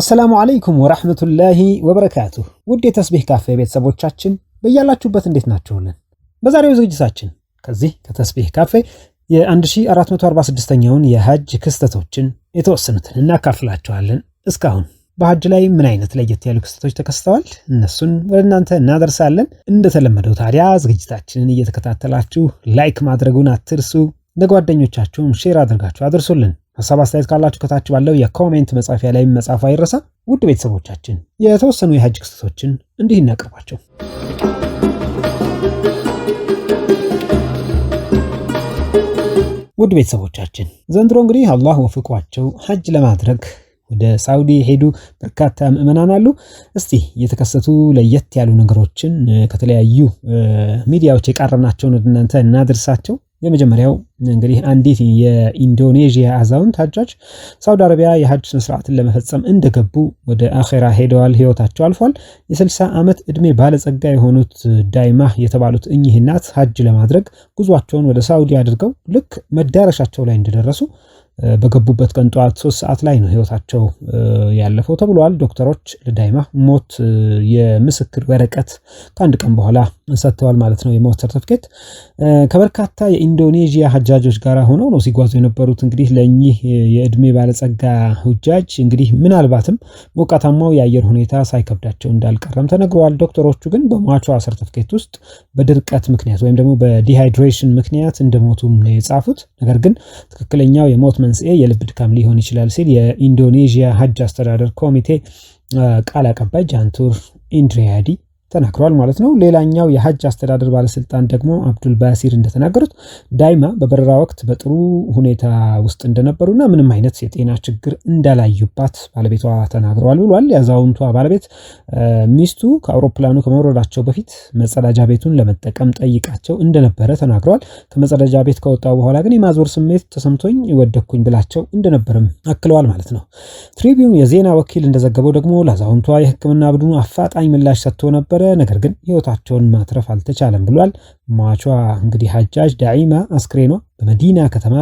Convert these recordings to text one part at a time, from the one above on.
አሰላሙ አለይኩም ወራህመቱላሂ ወበረካቱ። ውድ የተስቢህ ካፌ ቤተሰቦቻችን በያላችሁበት እንዴት ናችሁልን? በዛሬው ዝግጅታችን ከዚህ ከተስቢህ ካፌ የ1446ኛውን የሀጅ ክስተቶችን የተወሰኑትን እናካፍላችኋለን። እስካሁን በሀጅ ላይ ምን አይነት ለየት ያሉ ክስተቶች ተከስተዋል? እነሱን ወደ እናንተ እናደርሳለን። እንደተለመደው ታዲያ ዝግጅታችንን እየተከታተላችሁ ላይክ ማድረጉን አትርሱ። ለጓደኞቻችሁም ሼር አድርጋችሁ አድርሱልን። ሀሳብ አስተያየት ካላችሁ ከታች ባለው የኮሜንት መጻፊያ ላይ መጻፉ አይረሳ። ውድ ቤተሰቦቻችን የተወሰኑ የሀጅ ክስተቶችን እንዲህ እናቀርባቸው ውድ ቤተሰቦቻችን ዘንድሮ እንግዲህ አላህ ወፍቋቸው ሀጅ ለማድረግ ወደ ሳውዲ የሄዱ በርካታ ምዕመናን አሉ። እስቲ የተከሰቱ ለየት ያሉ ነገሮችን ከተለያዩ ሚዲያዎች የቃረናቸውን ወደ እናንተ እናድርሳቸው። የመጀመሪያው እንግዲህ አንዲት የኢንዶኔዥያ አዛውንት ሀጃጅ ሳውዲ አረቢያ የሀጅ ስነስርዓትን ለመፈጸም እንደገቡ ወደ አኼራ ሄደዋል። ህይወታቸው አልፏል። የ60 ዓመት ዕድሜ ባለጸጋ የሆኑት ዳይማ የተባሉት እኚህ እናት ሀጅ ለማድረግ ጉዟቸውን ወደ ሳውዲ አድርገው ልክ መዳረሻቸው ላይ እንደደረሱ በገቡበት ቀን ጠዋት ሶስት ሰዓት ላይ ነው ህይወታቸው ያለፈው ተብሏል። ዶክተሮች ለዳይማ ሞት የምስክር ወረቀት ከአንድ ቀን በኋላ ሰጥተዋል ማለት ነው፣ የሞት ሰርተፍኬት። ከበርካታ የኢንዶኔዥያ ሀጃጆች ጋር ሆነው ነው ሲጓዙ የነበሩት። እንግዲህ ለእኚህ የእድሜ ባለጸጋ ሁጃጅ እንግዲህ ምናልባትም ሞቃታማው የአየር ሁኔታ ሳይከብዳቸው እንዳልቀረም ተነግረዋል። ዶክተሮቹ ግን በሟቿ ሰርተፍኬት ውስጥ በድርቀት ምክንያት ወይም ደግሞ በዲሃይድሬሽን ምክንያት እንደሞቱም ነው የጻፉት። ነገር ግን ትክክለኛው የሞት መንስኤ የልብ ድካም ሊሆን ይችላል ሲል የኢንዶኔዥያ ሀጅ አስተዳደር ኮሚቴ ቃል አቀባይ ጃንቱር ኢንድሪያዲ ተናግረዋል ማለት ነው። ሌላኛው የሀጅ አስተዳደር ባለስልጣን ደግሞ አብዱል ባሲር እንደተናገሩት ዳይማ በበረራ ወቅት በጥሩ ሁኔታ ውስጥ እንደነበሩና ምንም አይነት የጤና ችግር እንዳላዩባት ባለቤቷ ተናግረዋል ብሏል። የአዛውንቷ ባለቤት ሚስቱ ከአውሮፕላኑ ከመውረዳቸው በፊት መጸዳጃ ቤቱን ለመጠቀም ጠይቃቸው እንደነበረ ተናግረዋል። ከመጸዳጃ ቤት ከወጣው በኋላ ግን የማዞር ስሜት ተሰምቶኝ ወደኩኝ ብላቸው እንደነበርም አክለዋል ማለት ነው። ትሪቢዩን የዜና ወኪል እንደዘገበው ደግሞ ለአዛውንቷ የሕክምና ቡድኑ አፋጣኝ ምላሽ ሰጥቶ ነበረ። ነገር ግን ህይወታቸውን ማትረፍ አልተቻለም ብሏል። ሟቿ እንግዲህ ሀጃጅ ዳዒማ አስክሬኗ በመዲና ከተማ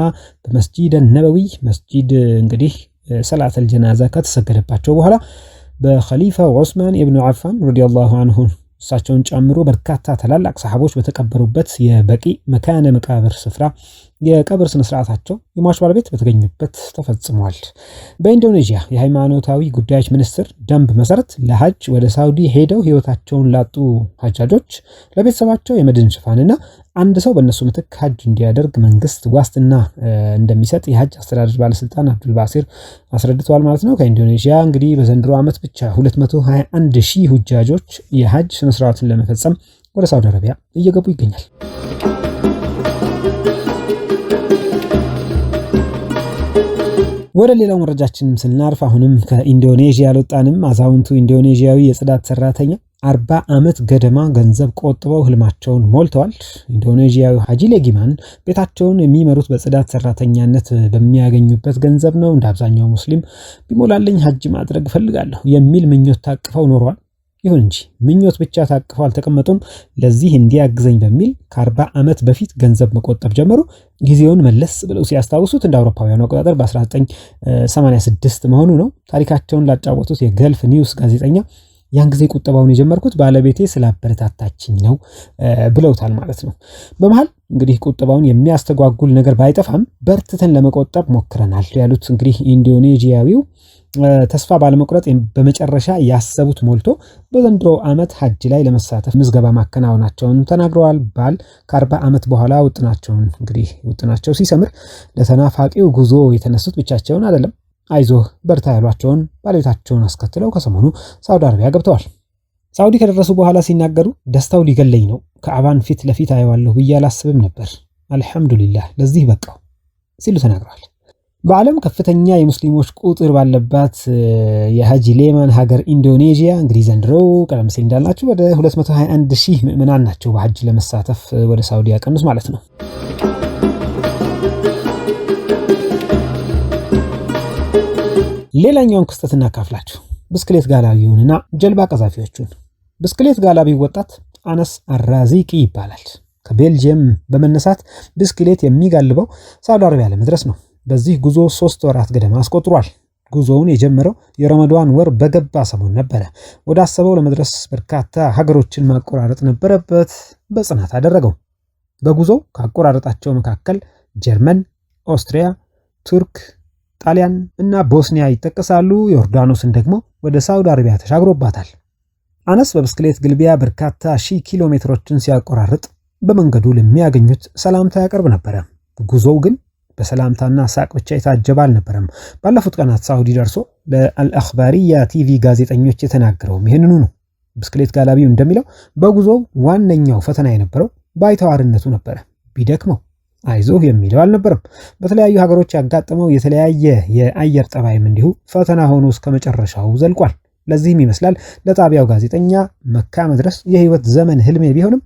በመስጂድ ነበዊ መስጂድ እንግዲህ ሰላተል ጀናዛ ከተሰገደባቸው በኋላ በኸሊፋ ዑስማን ኢብኑ አፋን ረዲየላሁ አንሁ እሳቸውን ጨምሮ በርካታ ታላላቅ ሰሓቦች በተቀበሩበት የበቂ መካነ መቃብር ስፍራ የቀብር ስነ ስርዓታቸው የሟች ባለቤት በተገኘበት ተፈጽሟል። በኢንዶኔዥያ የሃይማኖታዊ ጉዳዮች ሚኒስትር ደንብ መሰረት ለሀጅ ወደ ሳውዲ ሄደው ህይወታቸውን ላጡ ሀጃጆች ለቤተሰባቸው የመድን ሽፋንና አንድ ሰው በእነሱ ምትክ ሀጅ እንዲያደርግ መንግስት ዋስትና እንደሚሰጥ የሀጅ አስተዳደር ባለስልጣን አብዱልባሲር አስረድተዋል ማለት ነው። ከኢንዶኔዥያ እንግዲህ በዘንድሮ ዓመት ብቻ 221 ሺህ ሁጃጆች የሀጅ ስነስርዓትን ለመፈጸም ወደ ሳውዲ አረቢያ እየገቡ ይገኛል። ወደ ሌላው መረጃችንም ስናርፍ አሁንም ከኢንዶኔዥያ ያልወጣንም አዛውንቱ ኢንዶኔዥያዊ የጽዳት ሰራተኛ አርባ ዓመት ገደማ ገንዘብ ቆጥበው ህልማቸውን ሞልተዋል። ኢንዶኔዥያዊ ሀጂ ሌጊማን ቤታቸውን የሚመሩት በጽዳት ሰራተኛነት በሚያገኙበት ገንዘብ ነው። እንደ አብዛኛው ሙስሊም ቢሞላልኝ ሀጂ ማድረግ እፈልጋለሁ የሚል ምኞት ታቅፈው ኖሯል። ይሁን እንጂ ምኞት ብቻ ታቅፈው አልተቀመጡም። ለዚህ እንዲያግዘኝ በሚል ከአርባ ዓመት በፊት ገንዘብ መቆጠብ ጀመሩ። ጊዜውን መለስ ብለው ሲያስታውሱት እንደ አውሮፓውያኑ አቆጣጠር በ1986 መሆኑ ነው። ታሪካቸውን ላጫወቱት የገልፍ ኒውስ ጋዜጠኛ ያን ጊዜ ቁጠባውን የጀመርኩት ባለቤቴ ስላበረታታችኝ ነው ብለውታል ማለት ነው። በመሀል እንግዲህ ቁጠባውን የሚያስተጓጉል ነገር ባይጠፋም በርትተን ለመቆጠብ ሞክረናል ያሉት እንግዲህ ኢንዶኔዥያዊው ተስፋ ባለመቁረጥ በመጨረሻ ያሰቡት ሞልቶ በዘንድሮ ዓመት ሀጅ ላይ ለመሳተፍ ምዝገባ ማከናወናቸውን ተናግረዋል። ባል ከአርባ ዓመት በኋላ ውጥናቸውን እንግዲህ ውጥናቸው ሲሰምር ለተናፋቂው ጉዞ የተነሱት ብቻቸውን አይደለም። አይዞህ በርታ ያሏቸውን ባለቤታቸውን አስከትለው ከሰሞኑ ሳውዲ አረቢያ ገብተዋል። ሳውዲ ከደረሱ በኋላ ሲናገሩ ደስታው ሊገለኝ ነው። ከአባን ፊት ለፊት አየዋለሁ ብዬ አላስብም ነበር። አልሐምዱሊላህ ለዚህ በቃው ሲሉ ተናግረዋል። በዓለም ከፍተኛ የሙስሊሞች ቁጥር ባለባት የሀጂ ሌማን ሀገር ኢንዶኔዥያ እንግዲህ ዘንድሮ ቀደም ሲል እንዳልናችሁ ወደ 221 ሺህ ምዕመናን ናቸው በሀጅ ለመሳተፍ ወደ ሳውዲ ያቀኑት ማለት ነው። ሌላኛውን ክስተት እናካፍላችሁ። ብስክሌት ጋላቢውንና ጀልባ ቀዛፊዎቹን። ብስክሌት ጋላቢው ወጣት አነስ አራዚቂ ይባላል። ከቤልጅየም በመነሳት ብስክሌት የሚጋልበው ሳውዲ አረቢያ ለመድረስ ነው። በዚህ ጉዞ ሶስት ወራት ገደማ አስቆጥሯል። ጉዞውን የጀመረው የረመዷን ወር በገባ ሰሞን ነበረ። ወደ አሰበው ለመድረስ በርካታ ሀገሮችን ማቆራረጥ ነበረበት። በጽናት አደረገው። በጉዞው ካቆራረጣቸው መካከል ጀርመን፣ ኦስትሪያ፣ ቱርክ፣ ጣሊያን እና ቦስኒያ ይጠቀሳሉ። ዮርዳኖስን ደግሞ ወደ ሳውዲ አረቢያ ተሻግሮባታል። አነስ በብስክሌት ግልቢያ በርካታ ሺህ ኪሎ ሜትሮችን ሲያቆራርጥ በመንገዱ ለሚያገኙት ሰላምታ ያቀርብ ነበረ። ጉዞው ግን በሰላምታና ሳቅ ብቻ የታጀበ አልነበረም። ባለፉት ቀናት ሳውዲ ደርሶ ለአልአክባሪያ ቲቪ ጋዜጠኞች የተናገረውም ይህንኑ ነው። ብስክሌት ጋላቢው እንደሚለው በጉዞው ዋነኛው ፈተና የነበረው ባይተዋርነቱ ነበረ። ቢደክመው አይዞህ የሚለው አልነበረም። በተለያዩ ሀገሮች ያጋጠመው የተለያየ የአየር ጠባይም እንዲሁ ፈተና ሆኖ እስከ መጨረሻው ዘልቋል። ለዚህም ይመስላል ለጣቢያው ጋዜጠኛ መካ መድረስ የህይወት ዘመን ህልሜ ቢሆንም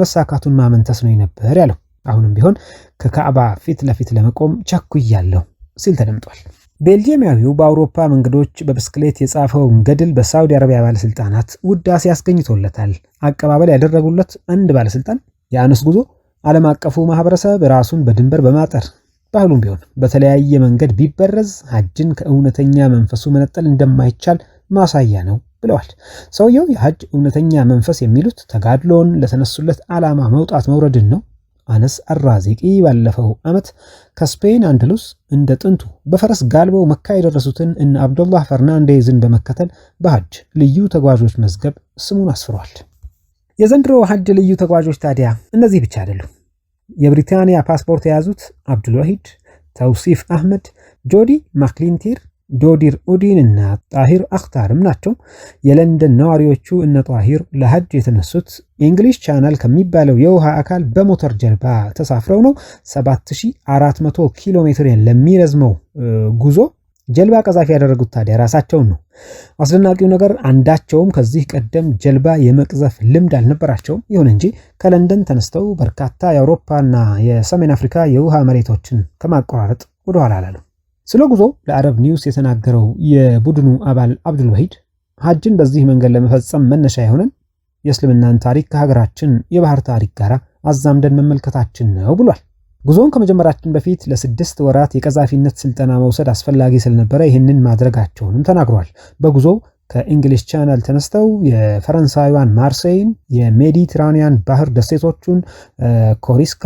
መሳካቱን ማመን ተስኖኝ ነበር ያለው። አሁንም ቢሆን ከካዕባ ፊት ለፊት ለመቆም ቸኩያለሁ ሲል ተደምጧል። ቤልጅየማዊው በአውሮፓ መንገዶች በብስክሌት የጻፈውን ገድል በሳውዲ አረቢያ ባለስልጣናት ውዳሴ ያስገኝቶለታል። አቀባበል ያደረጉለት አንድ ባለስልጣን የአነስ ጉዞ ዓለም አቀፉ ማህበረሰብ ራሱን በድንበር በማጠር ባህሉም ቢሆን በተለያየ መንገድ ቢበረዝ ሐጅን ከእውነተኛ መንፈሱ መነጠል እንደማይቻል ማሳያ ነው ብለዋል። ሰውየው የሐጅ እውነተኛ መንፈስ የሚሉት ተጋድሎን ለተነሱለት ዓላማ መውጣት መውረድን ነው አነስ አራዜቂ ባለፈው ዓመት ከስፔን አንድሉስ እንደ ጥንቱ በፈረስ ጋልበው መካ የደረሱትን እነ አብዶላህ ፈርናንዴዝን በመከተል በሀጅ ልዩ ተጓዦች መዝገብ ስሙን አስፍሯል። የዘንድሮ ሀጅ ልዩ ተጓዦች ታዲያ እነዚህ ብቻ አይደሉም። የብሪታንያ ፓስፖርት የያዙት አብዱልዋሂድ ተውሲፍ አህመድ፣ ጆዲ ማክሊንቲር፣ ዶዲር ኡዲን እና ጣሂር አክታርም ናቸው። የለንደን ነዋሪዎቹ እነ ጣሂር ለሀጅ የተነሱት የእንግሊዝ ቻናል ከሚባለው የውሃ አካል በሞተር ጀልባ ተሳፍረው ነው። 7400 ኪሎ ሜትር ለሚረዝመው ጉዞ ጀልባ ቀዛፊ ያደረጉት ታዲያ ራሳቸውን ነው። አስደናቂው ነገር አንዳቸውም ከዚህ ቀደም ጀልባ የመቅዘፍ ልምድ አልነበራቸውም። ይሁን እንጂ ከለንደን ተነስተው በርካታ የአውሮፓና የሰሜን አፍሪካ የውሃ መሬቶችን ከማቆራረጥ ወደኋላ አላለም። ስለ ጉዞ ለአረብ ኒውስ የተናገረው የቡድኑ አባል አብዱል ሀጅን በዚህ መንገድ ለመፈጸም መነሻ የሆነን የእስልምናን ታሪክ ከሀገራችን የባህር ታሪክ ጋር አዛምደን መመልከታችን ነው ብሏል። ጉዞውን ከመጀመራችን በፊት ለስድስት ወራት የቀዛፊነት ስልጠና መውሰድ አስፈላጊ ስለነበረ ይህንን ማድረጋቸውንም ተናግሯል። በጉዞው ከእንግሊሽ ቻናል ተነስተው የፈረንሳይዋን ማርሴይን፣ የሜዲትራኒያን ባህር ደሴቶቹን ኮሪስካ፣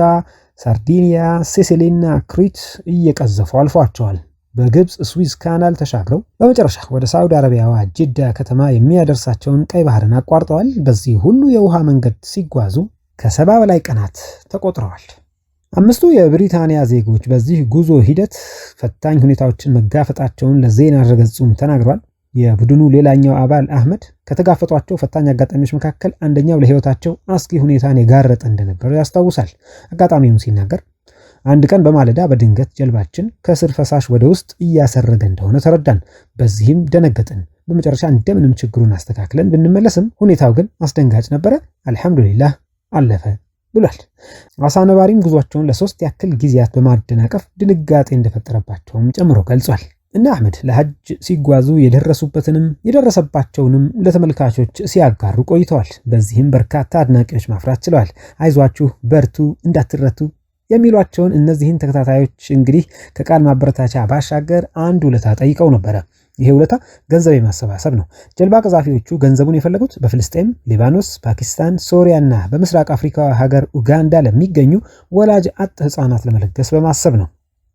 ሳርዲኒያ፣ ሲሲሊና ክሪት እየቀዘፉ አልፏቸዋል። በግብፅ ስዊዝ ካናል ተሻግረው በመጨረሻ ወደ ሳዑዲ አረቢያዋ ጅዳ ከተማ የሚያደርሳቸውን ቀይ ባህርን አቋርጠዋል። በዚህ ሁሉ የውሃ መንገድ ሲጓዙ ከሰባ በላይ ቀናት ተቆጥረዋል። አምስቱ የብሪታንያ ዜጎች በዚህ ጉዞ ሂደት ፈታኝ ሁኔታዎችን መጋፈጣቸውን ለዜና ድረገጹም ተናግሯል። የቡድኑ ሌላኛው አባል አህመድ ከተጋፈጧቸው ፈታኝ አጋጣሚዎች መካከል አንደኛው ለሕይወታቸው አስጊ ሁኔታን የጋረጠ እንደነበረ ያስታውሳል። አጋጣሚውን ሲናገር አንድ ቀን በማለዳ በድንገት ጀልባችን ከስር ፈሳሽ ወደ ውስጥ እያሰረገ እንደሆነ ተረዳን። በዚህም ደነገጥን። በመጨረሻ እንደምንም ችግሩን አስተካክለን ብንመለስም ሁኔታው ግን አስደንጋጭ ነበረ። አልሐምዱሊላህ አለፈ ብሏል። አሳ ነባሪም ጉዟቸውን ለሶስት ያክል ጊዜያት በማደናቀፍ ድንጋጤ እንደፈጠረባቸውም ጨምሮ ገልጿል። እነ አህመድ ለሐጅ ሲጓዙ የደረሱበትንም የደረሰባቸውንም ለተመልካቾች ሲያጋሩ ቆይተዋል። በዚህም በርካታ አድናቂዎች ማፍራት ችለዋል። አይዟችሁ፣ በርቱ፣ እንዳትረቱ የሚሏቸውን እነዚህን ተከታታዮች እንግዲህ ከቃል ማበረታቻ ባሻገር አንድ ውለታ ጠይቀው ነበረ። ይሄ ውለታ ገንዘብ የማሰባሰብ ነው። ጀልባ ቀዛፊዎቹ ገንዘቡን የፈለጉት በፍልስጤም፣ ሊባኖስ፣ ፓኪስታን፣ ሶሪያና በምስራቅ አፍሪካ ሀገር ኡጋንዳ ለሚገኙ ወላጅ አጥ ህፃናት ለመለገስ በማሰብ ነው።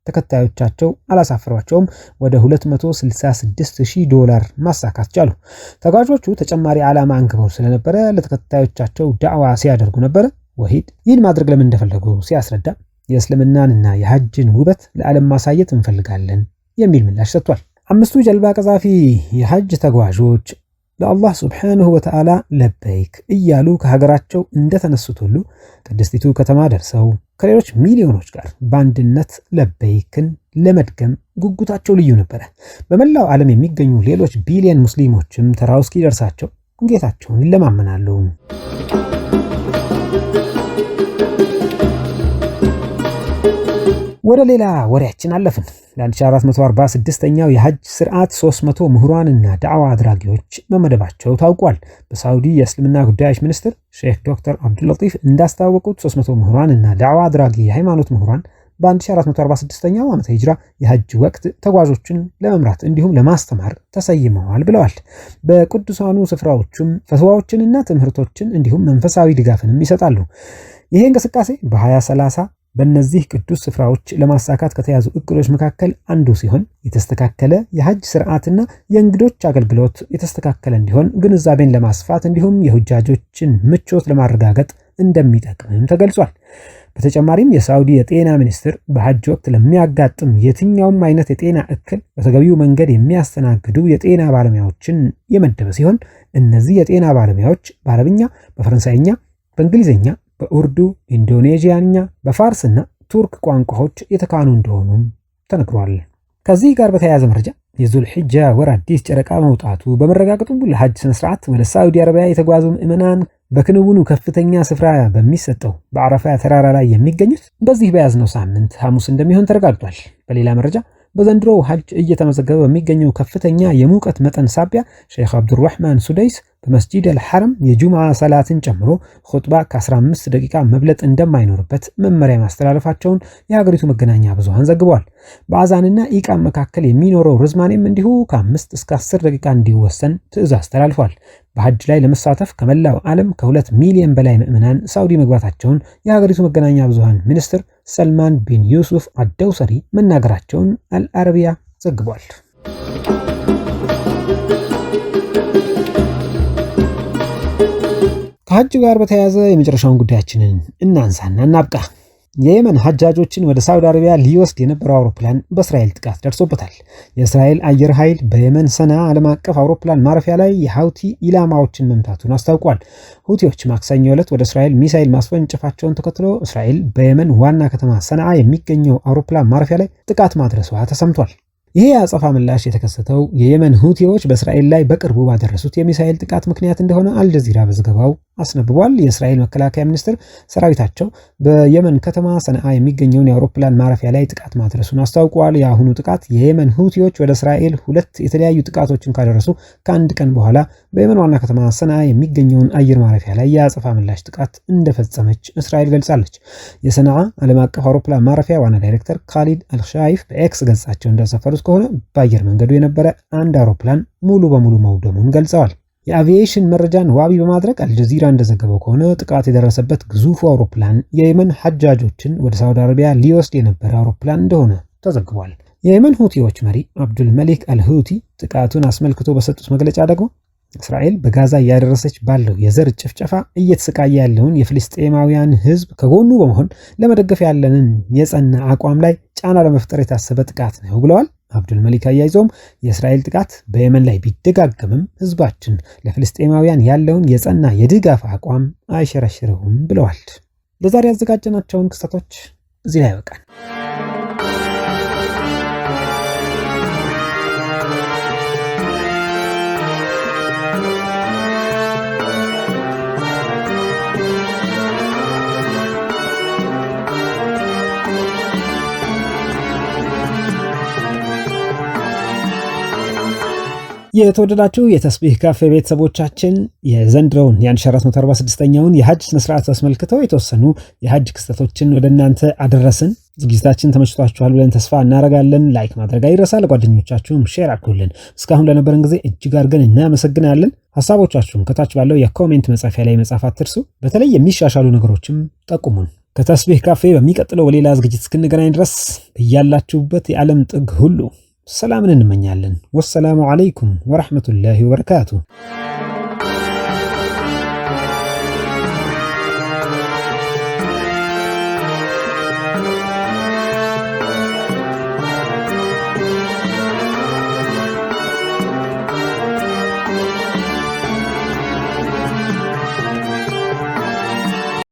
ተከታዮቻቸው አላሳፈሯቸውም። ወደ 266000 ዶላር ማሳካት ቻሉ። ተጓዦቹ ተጨማሪ ዓላማ አንግበው ስለነበረ ለተከታዮቻቸው ዳዕዋ ሲያደርጉ ነበረ። ወሂድ ይህን ማድረግ ለምን እንደፈለጉ ሲያስረዳ የእስልምናንና የሐጅን ውበት ለዓለም ማሳየት እንፈልጋለን የሚል ምላሽ ሰጥቷል። አምስቱ ጀልባ ቀዛፊ የሐጅ ተጓዦች ለአላህ ስብሓንሁ ወተዓላ ለበይክ እያሉ ከሀገራቸው እንደተነሱት ሁሉ ቅድስቲቱ ከተማ ደርሰው ከሌሎች ሚሊዮኖች ጋር በአንድነት ለበይክን ለመድገም ጉጉታቸው ልዩ ነበረ። በመላው ዓለም የሚገኙ ሌሎች ቢሊየን ሙስሊሞችም ተራው እስኪደርሳቸው ጌታቸውን ይለማመናሉ። ወደ ሌላ ወሬያችን አለፍን። ለ1446ኛው የሐጅ ስርዓት 300 ምሁራንና ዳዕዋ አድራጊዎች መመደባቸው ታውቋል። በሳውዲ የእስልምና ጉዳዮች ሚኒስትር ሼክ ዶክተር አብዱልጢፍ እንዳስታወቁት 300 ምሁራንና ዳዕዋ አድራጊ የሃይማኖት ምሁራን በ1446ኛው ዓመተ ሂጅራ የሐጅ ወቅት ተጓዦችን ለመምራት እንዲሁም ለማስተማር ተሰይመዋል ብለዋል። በቅዱሳኑ ስፍራዎቹም ፈትዋዎችንና ትምህርቶችን እንዲሁም መንፈሳዊ ድጋፍንም ይሰጣሉ። ይሄ እንቅስቃሴ በ2030 በእነዚህ ቅዱስ ስፍራዎች ለማሳካት ከተያዙ እቅዶች መካከል አንዱ ሲሆን የተስተካከለ የሐጅ ስርዓትና የእንግዶች አገልግሎት የተስተካከለ እንዲሆን ግንዛቤን ለማስፋት እንዲሁም የሁጃጆችን ምቾት ለማረጋገጥ እንደሚጠቅምም ተገልጿል። በተጨማሪም የሳውዲ የጤና ሚኒስትር በሐጅ ወቅት ለሚያጋጥም የትኛውም አይነት የጤና እክል በተገቢው መንገድ የሚያስተናግዱ የጤና ባለሙያዎችን የመደበ ሲሆን እነዚህ የጤና ባለሙያዎች በአረብኛ፣ በፈረንሳይኛ፣ በእንግሊዝኛ በኡርዱ፣ ኢንዶኔዥያኛ፣ በፋርስ እና ቱርክ ቋንቋዎች የተካኑ እንደሆኑም ተነግሯል። ከዚህ ጋር በተያያዘ መረጃ የዙልሒጃ ወር አዲስ ጨረቃ መውጣቱ በመረጋገጡ ለሐጅ ስነስርዓት ወደ ሳዑዲ አረቢያ የተጓዙ ምዕመናን በክንውኑ ከፍተኛ ስፍራ በሚሰጠው በአረፋ ተራራ ላይ የሚገኙት በዚህ በያዝነው ሳምንት ሐሙስ እንደሚሆን ተረጋግጧል። በሌላ መረጃ በዘንድሮው ሐጅ እየተመዘገበ በሚገኘው ከፍተኛ የሙቀት መጠን ሳቢያ ሼክ አብዱራህማን ሱደይስ በመስጂድ አልሐረም የጁምዓ ሰላትን ጨምሮ ኹጥባ ከ15 ደቂቃ መብለጥ እንደማይኖርበት መመሪያ ማስተላለፋቸውን የሀገሪቱ መገናኛ ብዙሃን ዘግቧል። በአዛንና ኢቃም መካከል የሚኖረው ርዝማኔም እንዲሁ ከ5 እስከ 10 ደቂቃ እንዲወሰን ትዕዛዝ ተላልፏል። በሐጅ ላይ ለመሳተፍ ከመላው ዓለም ከሁለት ሚሊዮን በላይ ምዕመናን ሳዑዲ መግባታቸውን የሀገሪቱ መገናኛ ብዙሃን ሚኒስትር ሰልማን ቢን ዩሱፍ አደውሰሪ መናገራቸውን አልአረቢያ ዘግቧል። ከሀጅ ጋር በተያያዘ የመጨረሻውን ጉዳያችንን እናንሳና እናብቃ። የየመን ሀጃጆችን ወደ ሳውዲ አረቢያ ሊወስድ የነበረው አውሮፕላን በእስራኤል ጥቃት ደርሶበታል። የእስራኤል አየር ኃይል በየመን ሰና ዓለም አቀፍ አውሮፕላን ማረፊያ ላይ የሀውቲ ኢላማዎችን መምታቱን አስታውቋል። ሁቲዎች ማክሰኞ ዕለት ወደ እስራኤል ሚሳይል ማስወንጨፋቸውን ተከትሎ እስራኤል በየመን ዋና ከተማ ሰናአ የሚገኘው አውሮፕላን ማረፊያ ላይ ጥቃት ማድረሷ ተሰምቷል። ይሄ የአጸፋ ምላሽ የተከሰተው የየመን ሁቲዎች በእስራኤል ላይ በቅርቡ ባደረሱት የሚሳኤል ጥቃት ምክንያት እንደሆነ አልጀዚራ በዘገባው አስነብቧል። የእስራኤል መከላከያ ሚኒስትር ሰራዊታቸው በየመን ከተማ ሰነአ የሚገኘውን የአውሮፕላን ማረፊያ ላይ ጥቃት ማድረሱን አስታውቋል። የአሁኑ ጥቃት የየመን ሁቲዎች ወደ እስራኤል ሁለት የተለያዩ ጥቃቶችን ካደረሱ ከአንድ ቀን በኋላ በየመን ዋና ከተማ ሰነአ የሚገኘውን አየር ማረፊያ ላይ የአጸፋ ምላሽ ጥቃት እንደፈጸመች እስራኤል ገልጻለች። የሰነአ ዓለም አቀፍ አውሮፕላን ማረፊያ ዋና ዳይሬክተር ካሊድ አልሻይፍ በኤክስ ገጻቸው እንደሰፈሩት ከሆነ በአየር መንገዱ የነበረ አንድ አውሮፕላን ሙሉ በሙሉ መውደሙን ገልጸዋል። የአቪዬሽን መረጃን ዋቢ በማድረግ አልጀዚራ እንደዘገበው ከሆነ ጥቃት የደረሰበት ግዙፉ አውሮፕላን የየመን ሐጃጆችን ወደ ሳውዲ አረቢያ ሊወስድ የነበረ አውሮፕላን እንደሆነ ተዘግቧል። የየመን ሁቲዎች መሪ አብዱል መሊክ አልሁቲ ጥቃቱን አስመልክቶ በሰጡት መግለጫ ደግሞ እስራኤል በጋዛ እያደረሰች ባለው የዘር ጭፍጨፋ እየተሰቃየ ያለውን የፍልስጤማውያን ሕዝብ ከጎኑ በመሆን ለመደገፍ ያለንን የጸና አቋም ላይ ጫና ለመፍጠር የታሰበ ጥቃት ነው ብለዋል። አብዱል መሊክ አያይዘውም የእስራኤል ጥቃት በየመን ላይ ቢደጋገምም ህዝባችን ለፍልስጤማውያን ያለውን የጸና የድጋፍ አቋም አይሸረሽረውም ብለዋል። ለዛሬ ያዘጋጀናቸውን ክስተቶች እዚህ ላይ ያበቃል። የተወደዳችሁ የተስቢህ ካፌ ቤተሰቦቻችን የዘንድሮውን የ1446ኛውን የሀጅ ስነስርዓት አስመልክተው የተወሰኑ የሀጅ ክስተቶችን ወደ እናንተ አደረስን። ዝግጅታችን ተመችቷችኋል ብለን ተስፋ እናደርጋለን። ላይክ ማድረግ አይረሳ። ለጓደኞቻችሁም ሼር አድርጉልን። እስካሁን ለነበረን ጊዜ እጅግ አድርገን እናመሰግናለን። ሀሳቦቻችሁም ከታች ባለው የኮሜንት መጻፊያ ላይ መጻፍ አትርሱ። በተለይ የሚሻሻሉ ነገሮችም ጠቁሙን። ከተስቢህ ካፌ በሚቀጥለው በሌላ ዝግጅት እስክንገናኝ ድረስ እያላችሁበት የዓለም ጥግ ሁሉ ሰላምን እንመኛለን። ወሰላሙ አለይኩም ወረሕመቱላሂ ወበረካቱ።